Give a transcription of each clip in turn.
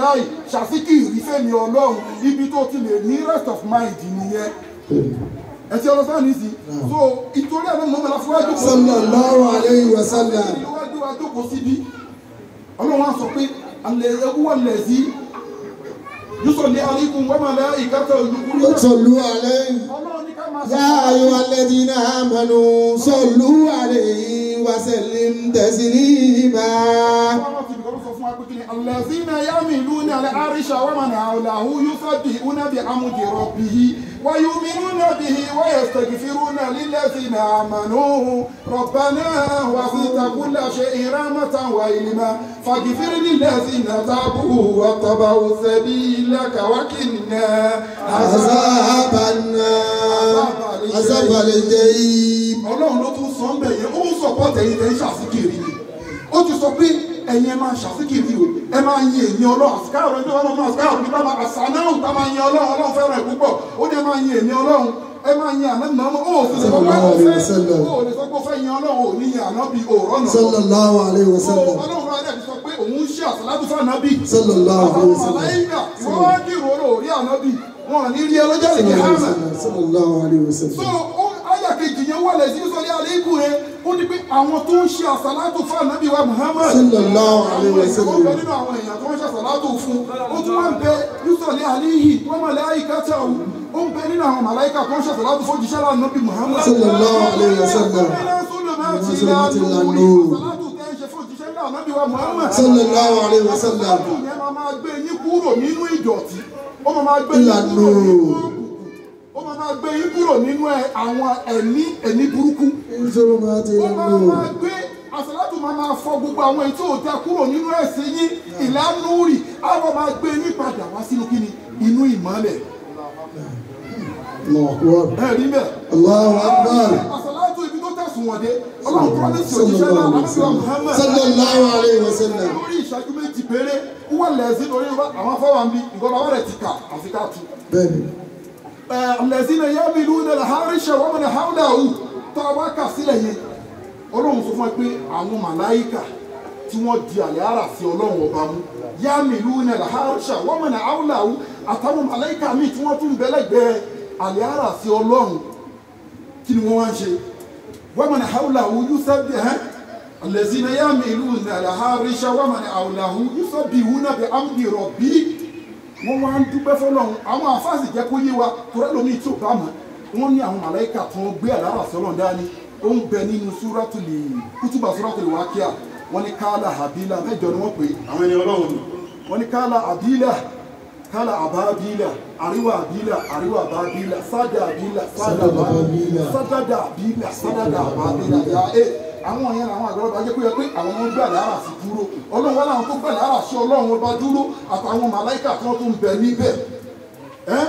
láì ṣàfikì ìrísẹ́mi ọlọ́run ibi tó ti lè ní rest of mind nìyẹn ẹ ti ọlọ́sán ní sí hmm. so ìtorí àwọn ọmọ ọmọlá fúwájú kò sí sallallahu alayhi wa sallam ìwájú wa jókòó síbi ọlọ́run á sọ pé alẹ́ ewu wà lẹ̀ sí yusolli alaykum wa malaikatahu yusallu alayhi ya ayyuhalladhina amanu sallu alayhi wa sallimu taslima fún wa pé kíni allazina yamiluna al-arsha wa man hawlahu yusabbihuna bihamdi rabbihim wa yu'minuna bihi wa yastaghfiruna lillazina amanu rabbana wasita kulla shay'in rahmatan wa ilma faghfir lillazina tabu wa tabawu sabilaka wa qina azaban nar azabal jahim ọlọ́run ló tún sọ ń bẹ̀yẹ ó ń sọ̀pọ̀ ó ti sọ pé ẹ̀yin ẹ máa ṣàfikìrì o ẹ máa yin èmi ọlọ́run àsìkáàrò ẹjọ́ ọlọ́run àsìkáàrò nípa máa àsànáhùn tá máa yin ọlọ́run ọlọ́run fẹ́ràn ẹ̀ púpọ̀ ó dẹ̀ máa yin èmi ọlọ́run ẹ máa yin àná nà ó sì sọ pé ó fẹ́ ó lè sọ pé ó fẹ́ yin ọlọ́run ò yin àná bí òòrọ̀ náà. sallallahu alaihi wasallam. ọlọ́run adé ti sọ pé òun ṣe àsàlátù ó ní pé àwọn tó ń ṣe àsàlátù fún ànábì wa Muhammad sallallahu alaihi wasallam àwọn èèyàn tó ń ṣe àsàlátù fún ó tún wọ́n bẹ yusuf alihi wọ́n mọ̀ láyé kẹta o ó ń bẹ nínú àwọn màláìka tó ń ṣe àsàlátù fún jíṣẹ́ ànábì Muhammad sallallahu alaihi wasallam sallallahu alaihi wasallam ó máa gbé yín kúrò nínú ìdọ̀tí ó máa gbé yín kúrò nínú ìdọ̀tí máa gbé yín kúrò nínú àwọn ẹ̀mí ẹ̀mí burúkú. ìṣòro máa ti rẹ̀ mí o. ó máa máa fọ gbogbo àwọn èyí tí kúrò nínú ẹ̀sìn yín ìlànà rì àwọn máa gbé yín padà wá sínú kíni inú ìmọ́lẹ̀. ẹ rí bẹ́ẹ̀. Allahu ibi tó tẹ̀sùn wọ̀n dé ọlọ́run promise òjíṣẹ́ náà àbúrò Muhammad. sallallahu alaihi wasallam. lórí ìṣẹ́jú méjì péré wọ́n lẹ̀ sí lórí àwọn afọwọ́n ìgbọ́n alẹ́sìnà yẹ́ mi lúwìn náà àháríṣẹ́ wọ́n mọ̀ náà háúdà ò tá a wá kà sílẹ̀ yẹn ọlọ́run sọ fún ẹ pé àwọn màláìkà tí wọ́n di àlẹ́ ara sí ọlọ́run ọba mú yá mi lúwìn náà àháríṣẹ́ wọ́n mọ̀ náà háúdà ò àtàwọn màláìkà míì tí wọ́n tún bẹ́lẹ́gbẹ́ẹ́ àlẹ́ ara sí ọlọ́run kí ni wọ́n wá ń ṣe wọ́n mọ̀ náà háúdà yúṣẹ́ bí ẹ́ alẹ́sìnà yá mi lúwìn náà àháríṣẹ́ wọ́n mọ̀ náà háúdà ò yúṣẹ́ bí wọ́n wá ń dúpẹ́ fọlọ́run àwọn àfáàsì jẹ́ kó yé wa torẹ́ lómi tí ò bá mọ̀ wọ́n ní àwọn màláìkà tó ń gbé àlárà sọ́lọ́run dání ó ń bẹ nínú súrátùlì kútùbà súrátùlì wákíà wọ́n ní kálá àbílà mẹ́jọ ni wọ́n pè àwọn ẹni ọlọ́run ni wọ́n ní kálá àbílà kálá àbá àbílà àríwá àbílà àríwá àbá àbílà sádà àbílà sádà àbá àbílà sádà àbílà sádà àbá àbílà àwọn yẹn làwọn àgbàlagbà jẹ́ kó yẹ pé àwọn wọn gbà lára sí dúró ọlọ́run wọn làwọn tó gbà lára sí ọlọ́run ọba dúró àtàwọn màláìkà tó tún bẹ níbẹ̀ ẹ́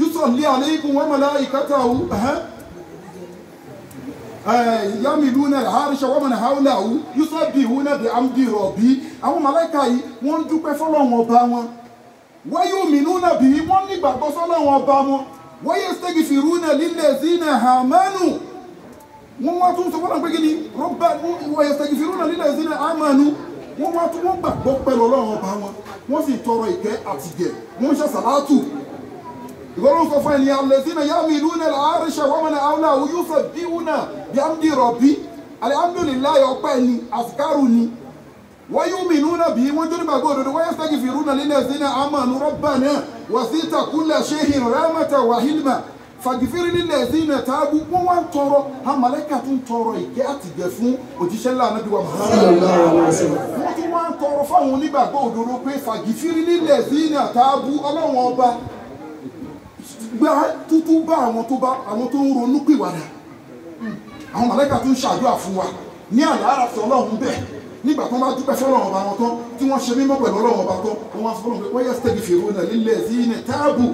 yusuf lé alẹ́ ikú wọn màláìkà tà wù yamiluna harisha wọn mọ̀nà haúlà wù yusuf bí wù náà bí amdi rọ̀bí àwọn màláìkà yìí wọ́n ń dúpẹ́ fọlọ́run ọba wọn wáyé òmìnira bí wọ́n nígbàgbọ́ fọlọ́run ọba wọn wáyé stegi fìrúnà lílẹ̀ zina hàmánù wọ́n wá tún sọ fọ́nà pé kí ni rọ́bà ìwà ẹ̀sẹ̀gì fìrún náà nílẹ̀ ìsinmi àmàlú wọ́n wá tún wọ́n gbàgbọ́ pẹ̀lú ọlọ́run ọba wọn wọ́n sì tọrọ ìkẹ́ àti ìgẹ̀ wọ́n ṣe sàlátù ìgbọ́dọ̀ sọ fún ẹni alẹ́sìn náà yàmi ìlú náà àárẹ̀ṣẹ̀ wọ́n mọ̀nà àwọn àwọn yóò fẹ́ bí wọn náà bí a ń di rọ̀bí alihamdulilayi ọpẹ́ ni àfikárù ni wọ́n yóò mìnú náà bí wọ́n tó nígbàgbọ́ òdodo wọ́n ẹ̀sẹ̀gì fìrún náà nílẹ̀ ìsinmi àmàlú rọ́bà náà wọ́n fàgìfẹ́rẹ́ nílẹ̀ ẹ̀sìn iná tààbù wọ́n wá ń tọrọ amalẹ́kà tún tọrọ ìkẹ́ àtìgẹ̀ fún òjíṣẹ́ láàánú bí wọ́n tún wá ń tọrọ fáwọn onígbàgbọ́ òdodo pé fàgìfẹ́rẹ́ nílẹ̀ ẹ̀sìn iná tààbù ọlọ́run ọba gba tútú bá àwọn tó bá àwọn tó ń ronú pìwàdà àwọn amalẹ́kà tún ṣàdúrà fún wa ní àlàáfíà ọlọ́run bẹ́ẹ̀ nígbà tó bá dúpẹ́ fọlọ́run ọba wọn tán tí wọ́n ṣe mímọ́ pẹ̀lú ọlọ́run ọba tán wọ́n á fọlọ́run pé wọ́n yẹ stẹ́gì fèrè náà lílẹ̀ sí iná táàbù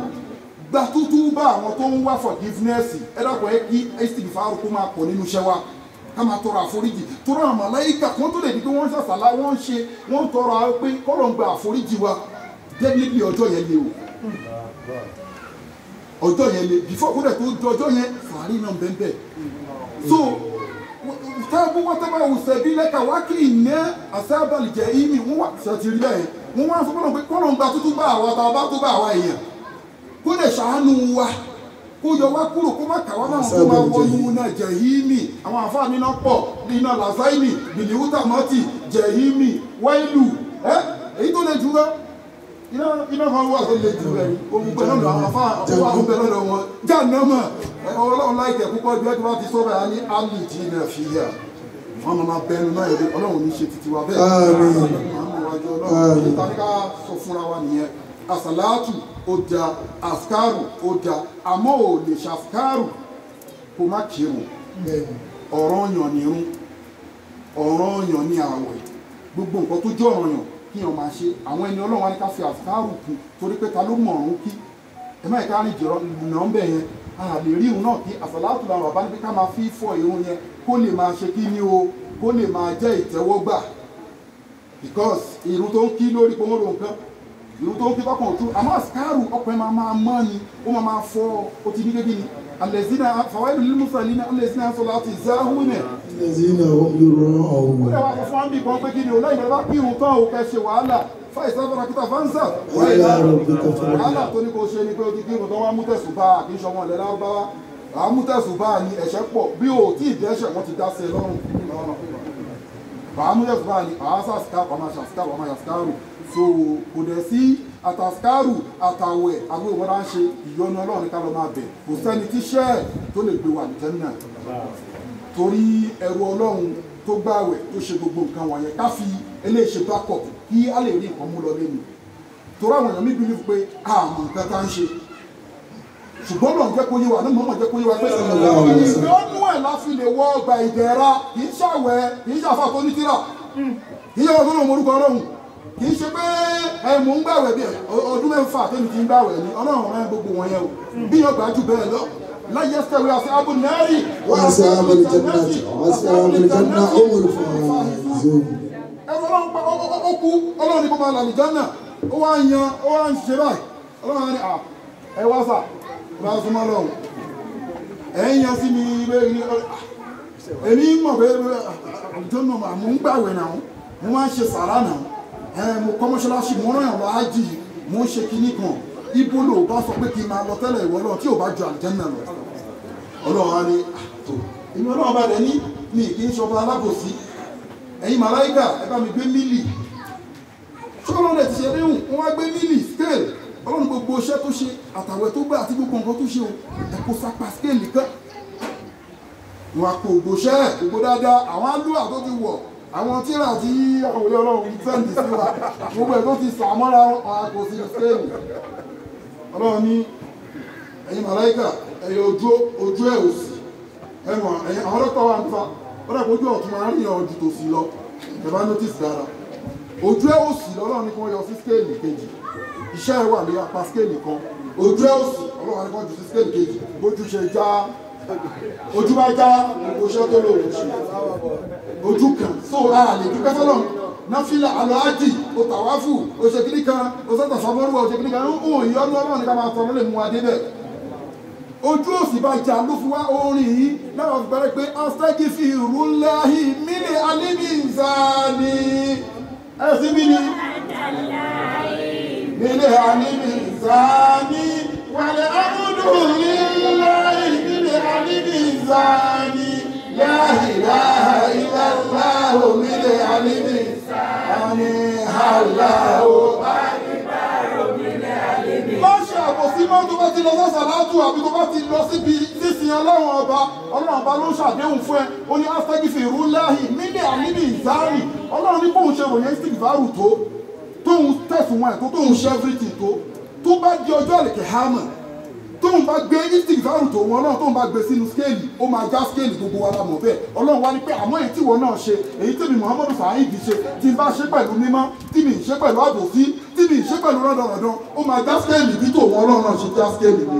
gba tútú bá àwọn tó ń wá forgiveness ẹ dàpọ̀ ẹ kí stv fáwọn kó máa pọ̀ nínú iṣẹ́ wa ká máa tọrọ àforíjì tọrọ àwọn màláíkà tó lè di pé wọ́n ṣàṣàlá wọ́n ṣe wọ́n tọrọ àwọn pé kọ́lọ̀ ń gba àforíjì wa definitely ọjọ́ yẹn le o ọjọ́ yẹn le before kó dẹ̀ tó jọ ọjọ́ yẹn fàárí náà bẹ́ẹ̀ so táàbù wọn tábà òsè bí lẹ́ka wá kí ìná àṣà àbàlìjẹ́ yìí ni wọ́n wà ṣàtìrí bẹ́ẹ̀ wọ́n wá sọ fọ́nà pé kọ́lọ̀ ń gba tútú bá àwa tá bá tó bá àwa èèyàn kó lè ṣàánú wa kó yọ wá kúrò kó má kà wá máa kó máa wọnú náà jẹ̀hímì àwọn àfáàní náà pọ̀ ní iná làzáìmì bìlìwútàmọ́tì jẹ̀hímì wáìlù ẹ́ èyí tó lè jù lọ iná máa wà tó lè jù rẹ̀ ohun pẹ̀lú ọ̀dọ̀ àwọn afá ọwọ́ àwọn pẹ̀lú ọ̀dọ̀ wọn jáàmù ọlọ́run láìpẹ́ púpọ̀ bí wọ́n ti wá ti sọ́ra ní alìjì náà fi yà wọ́n máa bẹnu náà èrè ọlọ́run ní ṣe títí wa bẹ́ẹ̀ àsàlátù ó da àsìkárù ó da àmọ́ ò lè ṣàfikárù kó má kírun ọ̀ràn yàn nírun ọ̀ràn yàn ní àwẹ̀ gbogbo nǹkan tó jẹ́ ọ̀ràn yàn kí yàn máa ṣe àwọn ẹni ọlọ́run á ní ká fi àsìkárù kù torí pé ta ló mọ̀ ọ̀run kí ẹ má ìka rìn jìrọ̀ nà ń bẹ̀ yẹn a lè rí irun náà kí àsàlátù làwọn bàbá ní ká máa fi fọ irun yẹn kó lè máa ṣe kí ni o kó lè máa jẹ́ ìtẹ́wọ́gbà because irun tó ń kí lórí pé nǹkan irú tó kí bákan tó àmọ́ àsìkáàrù ọkùnrin máa máa mọ́ ni ó máa máa fọ́ ó ti ní débi ni alẹ́sìnà fàwáìlú lílù mùsàlínà alẹ́sìnà sọlá ti záhùn nẹ̀. alẹ́sìnà ó ń yọrọ ọ̀hún. ó lè wá fún fún mi kan pé kí ni o láì bẹ̀rẹ̀ bá kí irun tán o kẹ́ ṣe wàhálà fáìsà fara kíta fáńsà. wàhálà tó ní kò ṣe ni pé o ti kí irun tán wá bá a kì í ṣọmọ ilẹ̀ lárúbáwá à ń mú bá a ni ẹ̀ṣẹ̀ pọ̀ bí o tí ì dẹ́ṣẹ̀ wọ́n ti dá sí lọ́rùn. bàá bá a ni àá sàṣìkà pàmò àṣàṣìkà pàmò àṣàṣìkà rù so kò dẹ̀ sí àtàskárù àtàwẹ̀ àbúrò wọn máa ń ṣe ìyọnu ọlọ́run ká lọ máa bẹ̀ kò sẹ́ni tíṣẹ́ tó lè gbé wa ní jẹ́nà torí ẹrù ọlọ́run tó gbàwẹ̀ tó ṣe gbogbo nǹkan wọ̀nyẹn ká fi eléṣe backup kí a lè rí nǹkan mú lọ lẹ́nu torí àwọn èèyàn mi believe pé àmọ̀ nǹkan tá ń ṣe ṣùgbọ́n lọ́n jẹ́ kó yé wa ní mọ̀mọ́ jẹ́ kó yé wa pé ìyọnu ẹ̀ la fi lè wọ ọgbà ìdẹ̀ra kì kì í ṣe pé ẹ mò ń gbàwẹ̀ bí ọdún mẹ́fà tẹ́mi ti ń gbàwẹ̀ ni ọlọ́run gbogbo wọn yẹn o bí yóò gbà jù bẹ́ẹ̀ lọ láyé sẹ́wé ọ̀sẹ̀ abu nari wọ́n fún pa ọlọ́run ní máa ó wá ń yan ó wá ń ṣe báyìí ọlọ́run á ní à ẹ wá mo máa mo kọ́ mọ́ṣáláṣí mo rán àwọn ájì mo ń ṣe kinní kan ibo ló bá sọ pé kí n máa lọ tẹ́lẹ̀ ìwọ náà tí ò bá ju àlùjànnà lọ ọlọ́run á ní àtò ah, èmi ọlọ́run bá rẹ̀ ní mi kì í ṣọba alábòsí ẹ̀yin màláìkà ẹ bá mi gbé mílì ṣọ́kọ́lọ́ rẹ̀ ti ṣe léhùn wọ́n á gbé mílì scale ọlọ́run gbogbo iṣẹ́ tó ṣe àtàwẹ̀ tó gbà àti gbogbo nǹkan tó ṣe o ẹ̀kọ́ sápá scale kan wọn àpò ògbóṣẹ́ ògbó dáadáa àwọn á lù àtọ́jú wọ̀ àwọn tíra tí òwe ọlọ́run sẹ́ǹdì sí wa gbogbo ẹ̀ tó ti sàn mọ́ra kò sí sẹ́ẹ̀nì ọlọ́run ní ẹ̀yin màláìkà ẹ̀yin ojú ojú ẹ̀ òsì ẹ̀wọ̀n ẹ̀yin àwọn dọ́kítà wa ń fa ó dàgbà ojú ọ̀tún máa ń rìn ọ̀jù tó sì lọ ìjọba notice dára ojú ẹ̀ òsì lọ́lọ́run ní kí wọ́n yọ sí sẹ́ẹ̀nì kejì iṣẹ́ ẹ̀ wà ní apá sẹ́ẹ̀nì kan ojú ẹ̀ òsì ọlọ́run ní kí wọ́n jù sí sẹ́ẹ̀nì kejì bójú ṣe já ojú bá já oṣù tó lò oṣù ojú kan so a lè dúpẹ́ fọlọ́ nafila alọ́ájì o tàwáfù o ṣe kiri kan o sọ́tọ̀ sọ́mọ́rù o ṣe kiri kan ó yọ ọdún ọlọ́run nípa máa fọmọ́ lè mú wa débẹ̀ ojú òsì bá jà ló fi wá orin yìí náà fi gbẹ́rẹ́ pé asẹ́gì fi rúláhì mílẹ̀ alíbi ìzáni ẹ̀sìn mi ni. ọlọ́run tó bá ti lọ sàṣàlátù àbí tó bá ti lọ síbi sísìn ọlọ́run ọba ọlọ́run ọba ló ṣàdéhùn fún ẹ ó ní astagifin rúláhì mílẹ̀ àmìlì ìzárì ọlọ́run ní bóun ṣe ròyìn istigvaru tó tóun tẹ̀sùn ẹ̀ tó tóun ṣe everything tó tó bá di ọjọ́ àlèkè hammer tóun bá gbé istigvaru tó wọn náà tóun bá gbé sínú skéèlì ó máa já skéèlì gbogbo wa la mọ̀ bẹ́ẹ̀ ọlọ́run wá ní pé àmọ́ èyí tí wọn náà ṣe èyí tèmi muhammadu sahid ṣe tí n bá ṣe pẹ̀lú mímọ́ tí mi ń ṣe pẹ̀lú àbòsí tí mi ṣe pẹ̀lú rọ́dọ̀rọ̀dọ̀ ó máa já skéèlì bí tòun ọlọ́run náà ṣe já skéèlì mi.